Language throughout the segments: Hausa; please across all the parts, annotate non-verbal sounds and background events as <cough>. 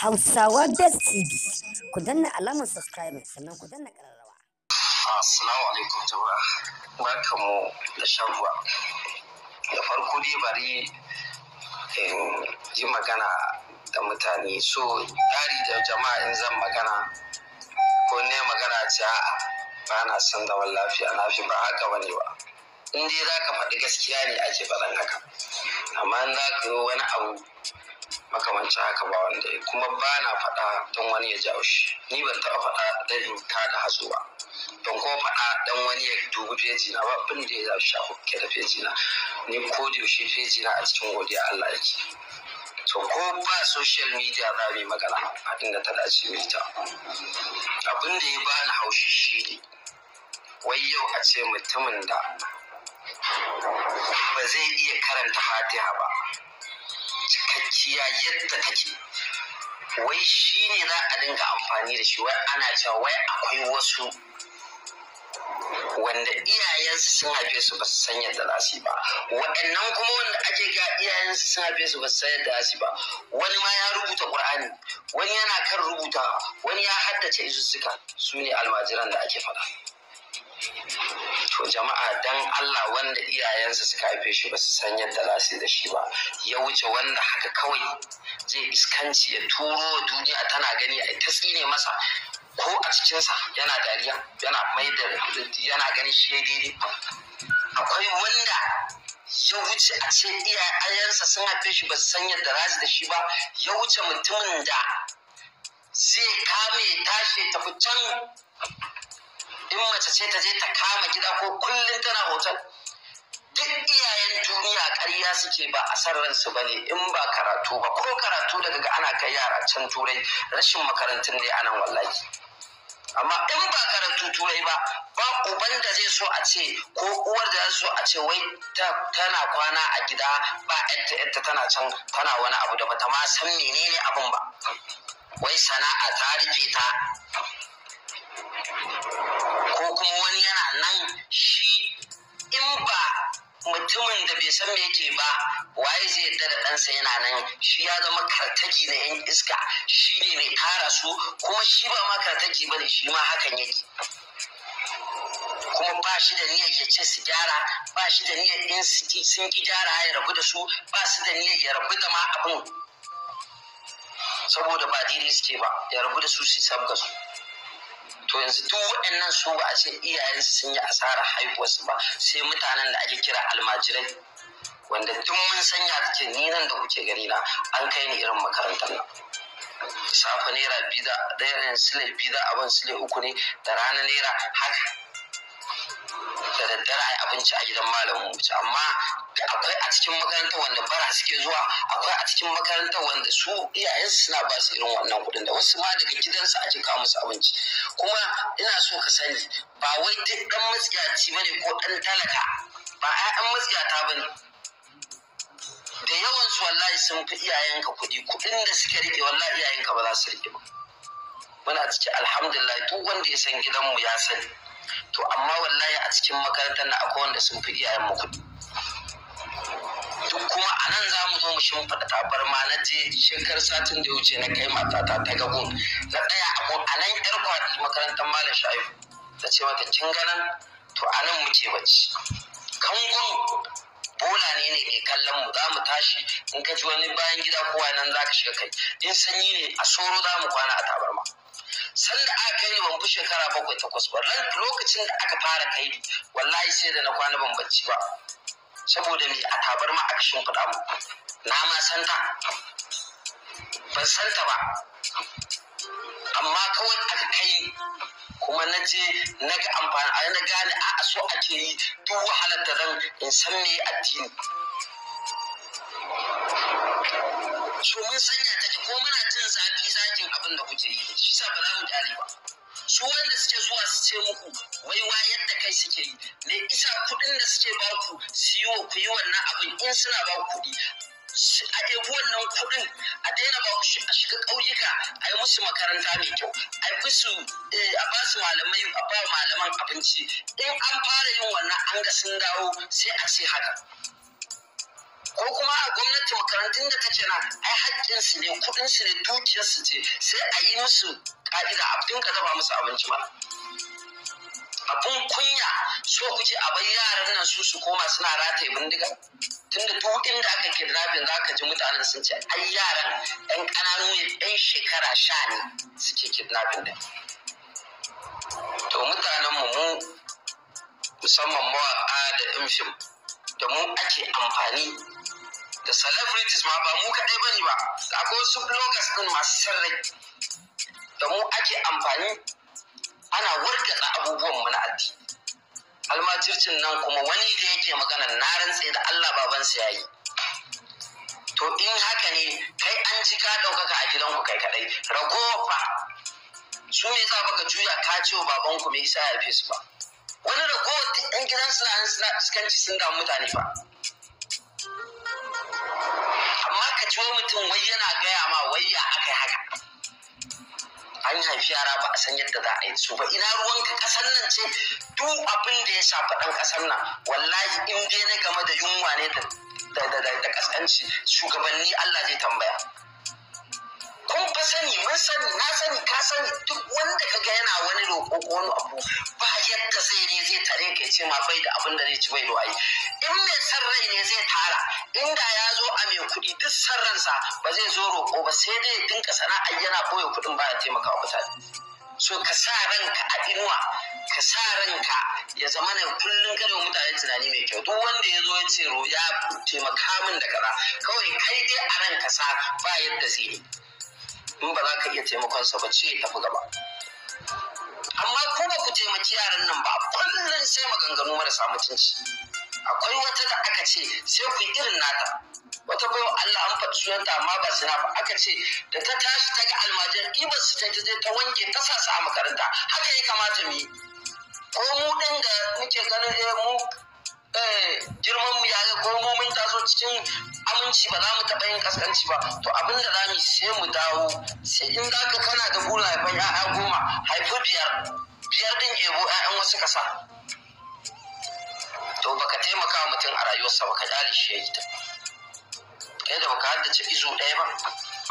Hausawa Best TV ku danna alamar subscribe sannan ku danna ƙararrawa. Assalamu alaikum jama'a. Barkamu da shaguwa. Da farko dai bari in yi magana da mutane so yari da jama'a in zan magana ko ne magana ce a'a ba na son zaman lafiya na fi ba haka bane ba. in dai za ka faɗi gaskiya ne ake faɗin haka amma in za ka yi wani abu makamanci haka ba wanda ya kuma ba na faɗa don wani ya jawo shi ni ban taɓa faɗa don in ta da hazo ba ban kuma faɗa don wani ya dubi feji na ba abin da ya zafi shafi hukke da feji na ni ko da yaushe feji na a cikin godiya Allah yake to ko ba social media za mu yi magana a inda ta dace mu ta abin ya bani haushi shi ne wai yau a ce mutumin da ba zai iya karanta fatiha ba cikakkiya yadda take wai shi ne za a dinga amfani da shi wai ana cewa wai akwai wasu wanda iyayensu sun haife su ba su san yadda za su yi ba waɗannan kuma wanda ake ga iyayensu sun haife su ba su san yadda za su yi ba wani ma ya rubuta ƙur'ani wani yana kan rubuta wani ya haddace isussuka su ne almajiran da ake faɗa to jama'a dan Allah wanda iyayensa suka haife shi ba su san yadda za su da shi ba ya wuce wanda haka kawai zai iskanci ya turo duniya tana gani a ta tsine masa ko a cikinsa yana dariya yana mai da yana ganin shi ya daidai akwai wanda ya wuce a ce iyayensa sun haife shi ba su san yadda za su da shi ba ya wuce mutumin da zai kame tashi tafi can in mace ce ta je ta kama gida ko kullum tana hotel duk iyayen duniya ƙarya suke ba a san ransu ba ne in ba karatu ba ko karatu daga ga ana kai yara can turai rashin makarantun ne anan wallahi amma in ba karatu turai ba ba uban da zai so a ce ko uwar da zai so a ce wai tana kwana a gida ba yadda yadda tana can tana wani abu da bata ma san menene abin ba wai sana'a ta rufe ta ko kuma wani yana nan shi in ba mutumin da bai san me yake ba waye zai yarda da ɗansa yana nan shi ya zama kartaki na yan iska shi ne mai tara su kuma shi ba ma kartaki ba ne shi ma hakan yake kuma ba shi da niyyar ya ce su gyara ba shi da niyyar in sun ki gyara ya rabu da su ba su da niyyar ya rabu da ma abin saboda ba daidai suke ba ya rabu da su su sabga su to yanzu duk waɗannan su ba a ce iyayensu sun yi asarar haihuwarsu ba sai mutanen da ake kira almajirai wanda tun mun sanya ta ce ni nan da kuke gani na an kai ni irin makarantar nan safe naira biyu da ɗaya sile biyu da abin sile uku ne da rana naira haka da daddare ai abinci a gidan malam musa amma akwai a cikin makaranta wanda bara suke zuwa akwai a cikin makarantar wanda su iyayensu suna ba su irin wannan kudin da wasu ma daga gidansu a cika musu abinci kuma ina so ka sani ba wai duk ɗan matsiyaci bane ko ɗan talaka ba 'ya'yan matsiyata bane da yawan su wallahi sun fi iyayenka kuɗi kuɗin da suke rike wallahi iyayenka ba za su rike ba muna ciki alhamdulillah duk wanda ya san gidanmu ya sani to amma wallahi a cikin makarantar na akwai wanda sun fi iyayen mu kudi duk kuma a nan za mu zo mu tabar ma na je shekar satin da ya wuce na kai matata ta gagun na abu a nan yar kwadi makarantar malam shayu na ce mata kin ganan to a nan muke bacci Kangun bola ne ne mai kallon mu za mu tashi in ka ji wani bayan gida kowa nan za ka shiga kai in sanyi ne a soro za mu kwana a tabarma sanda aka kai ban fi shekara bakwai takwas ba lokacin da aka fara kai wallahi sai da na kwana ban bacci ba saboda ni a tabar ma aka shimfiɗa mu na ma santa ban santa ba amma kawai aka kai kuma na je na ga amfani a na gane a so ake yi duk wahalar da zan in san me addini so mun sanya take ko muna jin zafi zakin abin da kuke yi shi sa ba za mu kyale ba su wanda suke zuwa su ce muku wai wa yadda kai suke yi ne isa kuɗin da suke ba ku su yi wa ku yi wannan abin in suna ba ku kuɗi a ɗebi wannan kuɗin a daina ba ku a shiga ƙauyuka a yi musu makaranta mai kyau a yi musu eh, a ba su malamai a ba malaman abinci in an fara yin wannan an ga sun dawo sai a ce haka ko kuma a gwamnati makarantun da kace na ai haƙƙin su ne kuɗin su ne dukiyar su ce sai a yi musu ƙa'ida a dinka dafa musu abinci ba. abun kunya so kuke a bar yaran nan su su koma suna rataye bindiga tunda duk da aka rabin za ka ji mutanen sun ce ai yaran yan ƙananu ne ɗan shekara sha ne suke kidnapping da to mutanen mu mu musamman mawaƙa da yan da mu ake amfani da celebrities ma ba mu kaɗai ba ne ba akwai wasu bloggers ɗin masu sirri da mu ake amfani ana wargaza abubuwan mu na addini almajircin nan kuma wani da yake magana na rantse da Allah babansa yayi to in haka ne kai an ji ka ɗaukaka a gidanku kai kaɗai Rago fa su ne za baka juya ka ce wa babanku mai isa ya fi ba wani rago duk ɗan gidan suna suna fuskanci sun damu mutane ba mutum wai yana gaya ma wai ya aka haka an haifi yara ba a san yadda za a yi su ba ina ruwan ka kasan nan ce duk abin da ya shafi ɗan kasan nan wallahi in dai na game da yunwa ne da kasanci shugabanni Allah zai tambaya kun fa sani mun sani na sani ka sani duk wanda ka ga yana wani roƙo ko wani abu yadda zai ne zai tare ka ce ma bai da abin da zai ci bai da in mai san rai ne zai tara inda ya zo a mai kuɗi duk san ransa ba zai zo roƙo ba sai dai dinka sana'ar yana boye kuɗin ba taimaka taimakawa mutane so ka sa ranka a inuwa ka sa ranka ya zama ne kullum kare mutane tunani mai kyau duk wanda ya zo ya ce ya taimaka min da kaza kawai kai dai a ranka sa ba yadda zai yi in ba za ka iya taimakonsa ba ce tafi gaba amma ko ba ku taimaki yaran nan ba kullum sai maganganu marasa mutunci akwai wata da aka ce sai ku irin nata wata bayan Allah an faɗi sunanta amma ba suna ba aka ce da ta tashi ta ga almajiran ibar su ta je ta wanke ta sa su a makaranta haka ya kamata mu yi ko mu ɗin da muke ganin eh, mu Eh, girman mu ya ga ko mun taso cikin aminci ba za mu taɓa yin kaskanci ba to abin da za mu sai mu dawo sai in za ka kana da burin haifan ya'ya goma haifi biyar biyar din ebo ya'yan wasu kasa to baka taimaka mutum a rayuwarsa baka dalishe ya yi ta kai da baka haddace izo ɗaya ba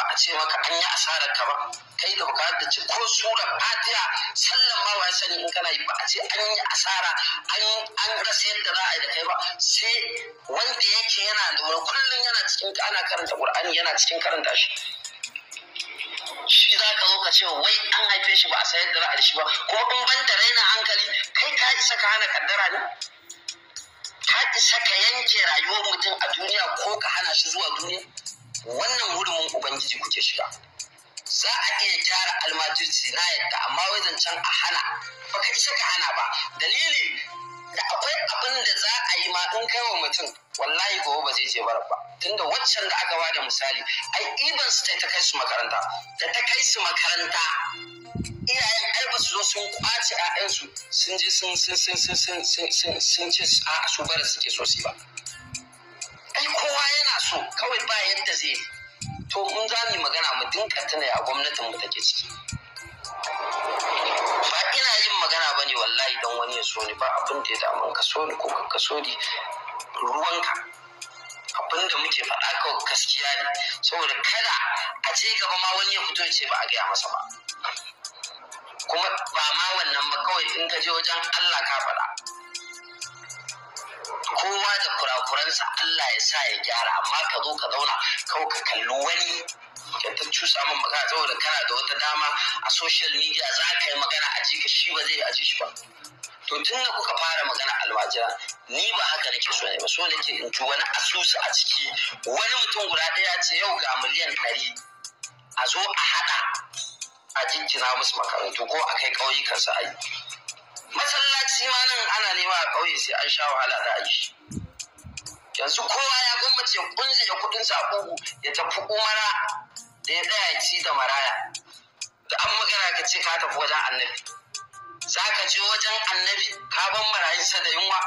ba a ce maka an yi asarar ka ba kai da ci ko sura fatiha sallan ma wa sani in kana yi ba a ce an yi asara an an rasa yadda za a yi da kai ba sai wanda yake yana da wani kullum yana cikin ana karanta qur'ani yana cikin karanta shi shi za ka zo ka ce wai an haife shi ba a sayar da ra'ayi shi ba ko in ban da raina hankali kai ka isa ka hana kaddara ne ka isa ka yanke rayuwar mutum a duniya ko ka hana shi zuwa duniya wannan wurin ubangiji kuke shiga za a iya gyara almajirci na yadda amma wai zancen a hana ba ka isa ka hana ba dalili da akwai abin da za a yi ma in kai wa mutum wallahi gobe ba zai je bara ba tunda waccan da aka da misali ai iban su ta kai su makaranta da ta kai su makaranta iyayen ai su zo sun kwace 'ya'yansu sun je sun sun sun sun sun sun sun a su sun suke sun sun ba ai kowa yana so kawai ba yadda zai to mun za mu magana mu dinka tana ya gwamnatin mu take ciki ba ina yin magana ba ne wallahi don wani ya so ni ba abin da ya damu ka so ni ko ka so ni ruwanka abin da muke faɗa kawai gaskiya ne saboda kada a je gaba ma wani ya fito ya ce ba a gaya masa ba kuma ba ma wannan ba kawai in ka je wajen Allah ka faɗa kowa da kurakuransa Allah ya sa ya gyara amma ka zo ka zauna kawai ka kalli wani ya ta cusa min magana saboda kana da wata dama a social media za ka yi magana a jika shi ba zai aji shi ba to tun da kuka fara magana almajira ni ba haka nake so ne ba so nake in ji wani asusu a ciki wani mutum guda ɗaya ce yau ga miliyan ɗari a zo a haɗa a jinjina musu makarantu ko a kai ƙauyukansu a yi masallaci ma nan ana nema a ƙauye sai an sha wahala da aiki yanzu kowa ya gwammace ya kunje ya kudin sabugu ya tafi umara da ya tsaya ci da maraya da an magana ka ce ka tafi wajen annabi za ka je wajen annabi ka ban marayinsa da yunwa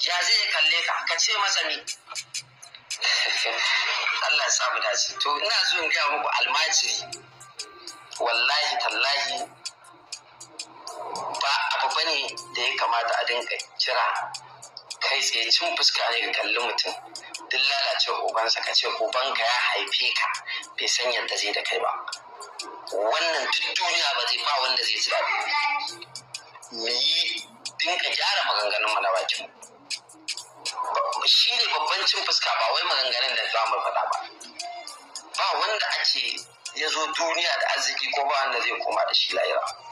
ya zai kalle ka ka ce masa ne. <laughs> Allah ya samu dace to ina so in gaya muku almajiri wallahi tallahi bane da ya kamata a dinga kira kai tsaye cin fuska ne ga kalli mutum duk lalace ubansa ka ce ubanka ya haife ka bai san yadda zai da kai ba wannan duk duniya ba zai ba wanda zai ji daɗi mu yi dinka gyara mu na bakin shi ne babban cin fuska ba wai maganganun da zamu mu faɗa ba ba wanda ake ya zo duniya da arziki ko ba wanda zai koma da shi lahira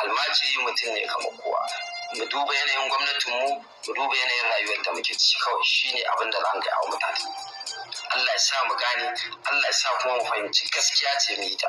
almajiri mutum ne kamar kowa mu duba yanayin gwamnatinmu mu duba yanayin rayuwar da muke ci kawai shine abin da zan gaya wa mutane Allah ya sa mu gane Allah ya sa kuma mu fahimci gaskiya ce mu yi ta